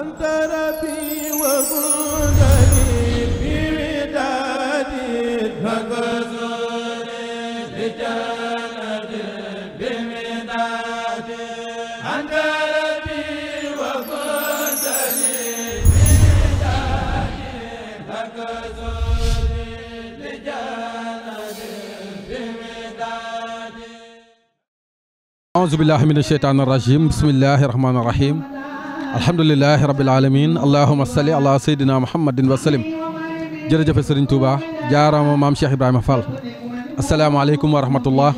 anta rabbi wa mundani bi midadi magazuri bi janadi bi midadi anta rabbi wa mundani bi midadi magazuri bi janadi bi midadi a'udhu billahi minash shaitanir rajim bismillahir rahmanir rahim alhamdulilahi rabil alamin allahuma salli ala saydina muhammadin wa salim jërëjëfe sëriñ Touba jaarama maam Cheikh Ibrahima Fall asalaamaaleykum wa rahmatullah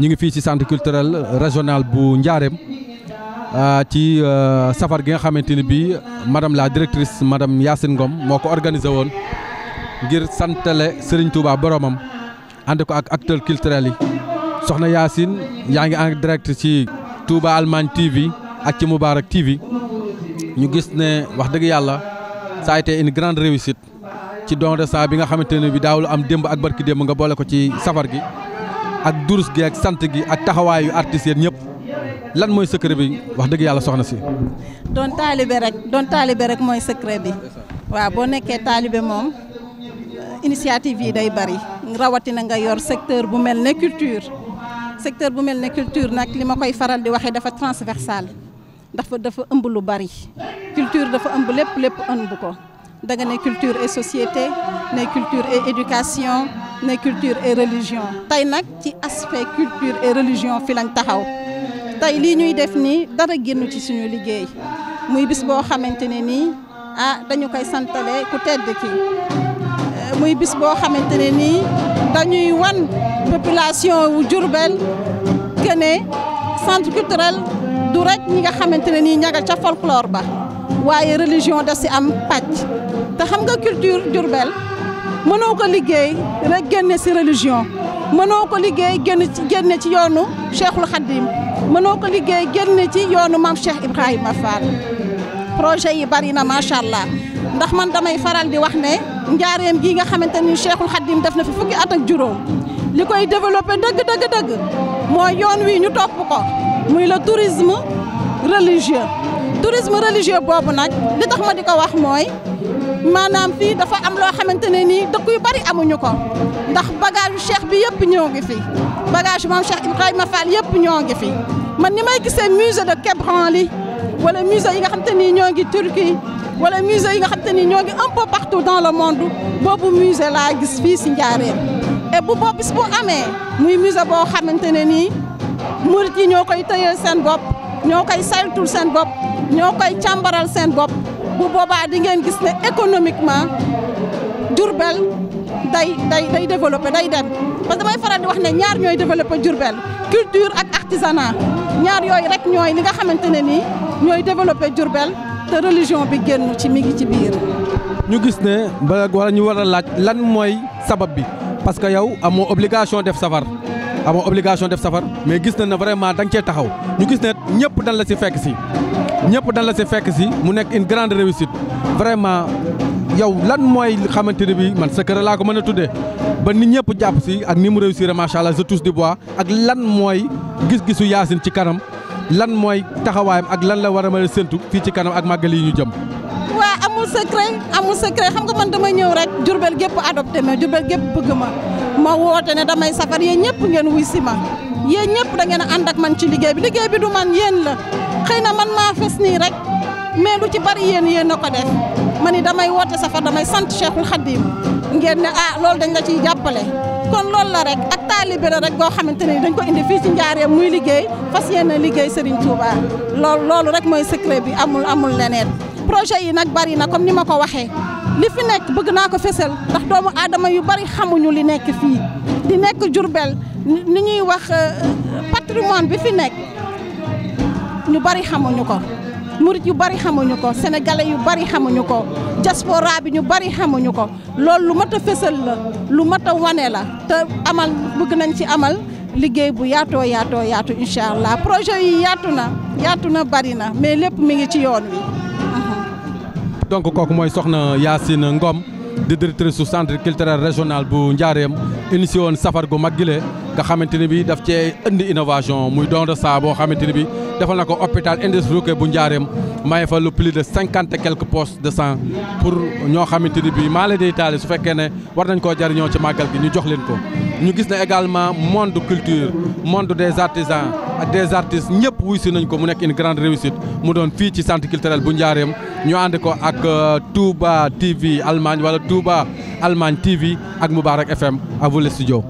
ñu ngi fii ci centre culturel régional bu Njaareem ah, ci euh, safar gi nga xamante ni bii madame la directrice madame Yacine Ngom moo ko organisé woon ngir santale Serigne Touba boromam ànd ko ak acteur culturel yi soxna Yacine yaa ngi en direct ci Touba Allemagne TV ak ci Moubarak TV ñu gis ne wax dëgg yàlla ça a été une grande réussite ci don de sang bi nga xamante ne bi daawul am démb ak barki démb nga boole ko ci safar gi ak durus gi ak sant gi ak taxawaayu artistes yéen ñëpp lan mooy secret bi wax dëgg yàlla soxna si. doon taalibe rek doon taalibe rek mooy secret bi. waaw boo nekkee taalibe moom initiative yi day bari rawatina nga yor secteur bu mel ne culture secteur bu mel ne culture nag li ma koy faral di waxee dafa transversal. dafa dafa ëmb lu bari culture dafa ëmb lépp lépp ëmb ko da ne culture et société ne culture et éducation ne culture et religion. tey nag ci aspect culture et religion fi lañ taxaw tey lii ñuy def nii dara génn ci suñu liggéey muy bis boo xamante ne nii ah dañu koy santale ku tedd ki eh, muy bis boo xamante ne nii dañuy wan population wu Diourbel que ne culturel. du rek ñi nga xamante ne nii ñagal ca folklore ba waaye religion da si am pàcc te xam nga culture Diourbel mënoo ko liggéey rek génne si religion mënoo ko liggéey génn ci génne ci yoonu Cheikhul Khadim mënoo ko liggéey génne ci yoonu maam Cheikh Ibrahima Fall projet yi bari na macha allah ndax man damay faral di wax ne njaareem gii nga xamante ni Cheikhul Khadim def na fi fukki at ak juróom. li koy développé dëgg dëgg dëgg mooy yoon wi ñu topp ko muy le tourisme religieux tourisme religieux boobu nag li tax ma di ko wax mooy maanaam fii dafa am loo xamante ne nii dëkk yu bari amuñu ko ndax bagage cheikh bi yëpp ñoo ngi fi bagage moom Cheikh Ibrahima Fall yëpp ñoo ngi fi man ni may gisee musée de Quai Branly wala musée yi nga xamante ni ñoo ngi Turquie wala musée yi nga xamante ni ñoo ngi un peu partout dans le monde boobu musée laa gis fii si Njaaréem te bu bopp bis bu amee muy musée boo xamante ne nii murit yi ñoo koy tëyal seen bopp ñoo koy saytul seen bopp ñoo koy càmbaral seen bopp bu boobaa di ngeen gis ne économiquement Diourbel day day day développé day dem parce que damay faral di wax ne ñaar ñooy développé Diourbel culture ak artisanat ñaar yooyu rek ñooy li nga xamante ne nii ñooy développé Diourbel te religion bi génn ci mi ngi ci biir. ñu gis ne ba wala ñu war a laaj lan mooy sabab bi. parce que yow amoo obligation def safar amoo obligation def safar mais gis nañ ne vraiment da nga cee taxaw ñu gis ne ñëpp dañ la si fekk si ñëpp dan la si fekk si mu nekk une grande réussite vraiment yow lan mooy xamante ne bi man secret laa ko mën a tuddee ba nit ñëpp jàpp si ak ni mu réussir macha allah je touche du bois ak lan mooy gis-gisu Yacine ci kanam lan mooy taxawaayam ak lan la war a mën a séntu fii ci kanam ak màggal yi ñu jëm. amul secret amul secret xam nga man damay ñëw rek Jurbel gépp adopté ma Jurbel gépp bëgg ma ma woote ne damay safar yéen ñëpp ngeen wuy si ma yéen ñëpp da ngeen a ànd ak man ci liggéey bi liggéey bi du man yéen la xëy na man maa fes nii rek mais lu ci bari yéen yéen a ko def ma ni damay woote safar damay sant Cheikhul Khadim ngeen ne ah loolu dañ la ciy jàppale kon loolu la rek ak taalibe la rek goo xamante ne dañ ko indi fii ci njaareem muy liggéey fas yéene liggéey Serigne Touba loolu loolu rek mooy secret bi amul amul leneen projet yi nag bari na comme ni ma ko waxee li fi nekk bëgg naa ko fésal ndax doomu aadama yu bari xamuñu li nekk fii di nekk Jurbel ni ñuy wax euh, patrimoine bi fi nekk ñu bari xamuñu ko murit yu bari xamuñu ko sénégalais yu bari xamuñu ko diaspora bi ñu bari xamuñu ko lool lu mat a la lu mat a wane la te amal bëgg nañ ci amal liggéey bu yaatoo yaatoo yaatu incha allah projet yi yaatu na yaatu na bari na mais lépp mi ngi ci yoon wi donc kooku mooy soxna Yacine Ngom di directrice su centre culturel régional bu Njaareem initié woon safar gu mag gile nga xamante ni bi daf cee indi innovation muy don de saa boo xamante ni bi defal na ko hôpital Indus Rogué bu Njaareem maye fa lu plus de cinquante et quelques de sang pour ñoo xamante ni bi maa la day taale su fekkee ne war nañ koo jariñoo ci màggal gi ñu jox leen ko ñu gis na également monde culture monde des artisans ak des artistes ñëpp wuy si nañ ko mu nekk une grande réussite mu doon fii ci centre culturel bu Njaareem ñu ànd ko ak euh, Touba TV Allemagne wala Touba Allemagne TV ak Moubarak FM à vous les studios